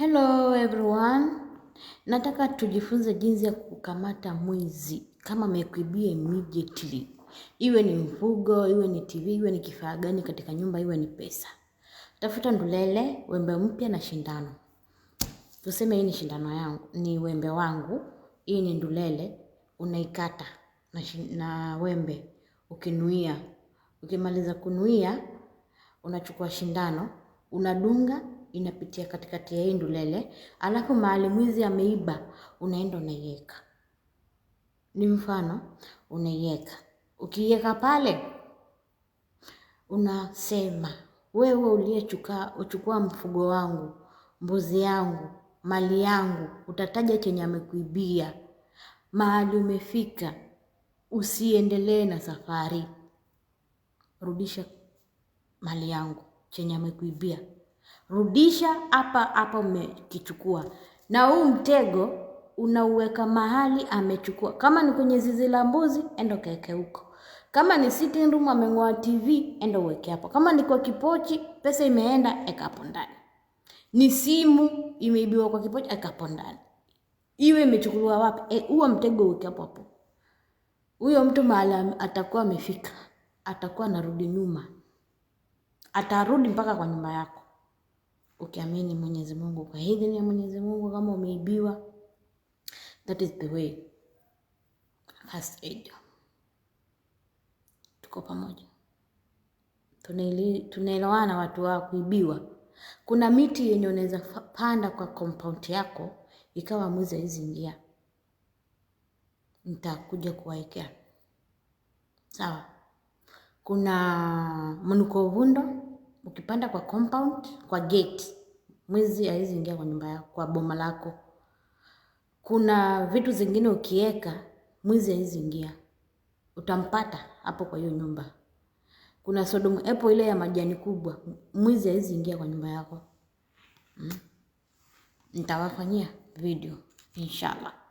Hello everyone. Nataka tujifunze jinsi ya kukamata mwizi kama amekuibia immediately. Iwe ni mfugo, iwe ni TV, iwe ni kifaa gani katika nyumba, iwe ni pesa. Tafuta ndulele, wembe mpya na shindano. Tuseme hii ni shindano yangu, ni wembe wangu, hii ni ndulele, unaikata na, na wembe ukinuia. Ukimaliza kunuia, unachukua shindano, unadunga inapitia katikati ya hii ndulele, alafu mahali mwizi ameiba unaenda unaiweka. Ni mfano unaiweka, ukiiweka pale unasema wewe uliyechukua mfugo wangu, mbuzi yangu, mali yangu, utataja chenye amekuibia, mahali umefika, usiendelee na safari, rudisha mali yangu chenye amekuibia rudisha hapa hapa umekichukua. Na huu mtego unauweka mahali amechukua. Kama ni kwenye zizi la mbuzi, enda kaeke huko. Kama ni sitting room ameng'oa TV, enda uweke hapo. Kama ni kwa kipochi, pesa imeenda, eka hapo ndani. Ni simu imeibiwa kwa kipochi, eka hapo ndani. Iwe imechukuliwa wapi? Eh, huo mtego uweke hapo hapo. Huyo mtu mahali atakuwa amefika, atakuwa anarudi nyuma, atarudi mpaka kwa nyumba yako ukiamini Mwenyezi Mungu kwa idhini ya Mwenyezi Mungu. Kama umeibiwa, that is the way. First aid, tuko pamoja, tunaelewana. Watu wa kuibiwa, kuna miti yenye unaweza panda kwa compound yako ikawa mwizi hizi ingia, nitakuja kuwaekea sawa. Kuna mnuko vundo ukipanda kwa compound, kwa gate, mwizi hawezi ingia kwa nyumba yako, kwa boma lako. Kuna vitu zingine ukiweka, mwizi hawezi ingia, utampata hapo kwa hiyo nyumba. Kuna sodomu epo ile ya majani kubwa, mwizi hawezi ingia kwa nyumba yako. Hmm. Nitawafanyia video inshallah.